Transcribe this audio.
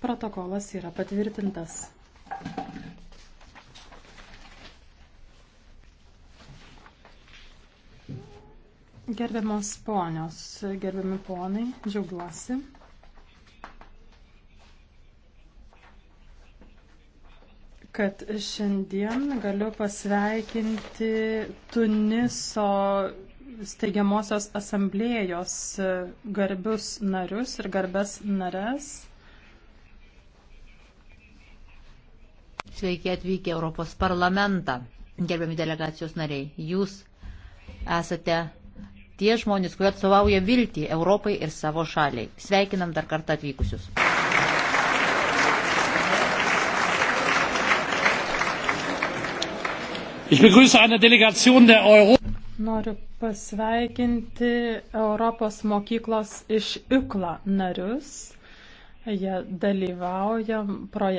Protokolas yra patvirtintas. Gerbiamos ponios, gerbiami ponai, džiaugiuosi. kad šiandien galiu pasveikinti Tuniso steigiamosios asamblėjos garbius narius ir garbes nares. Sveiki atvykę Europos parlamentą, gerbiami delegacijos nariai. Jūs esate tie žmonės, kurie atstovauja viltį Europai ir savo šaliai. Sveikinam dar kartą atvykusius. Noriu pasveikinti Europos mokyklos iš IKLA narius. Jie dalyvauja projekte.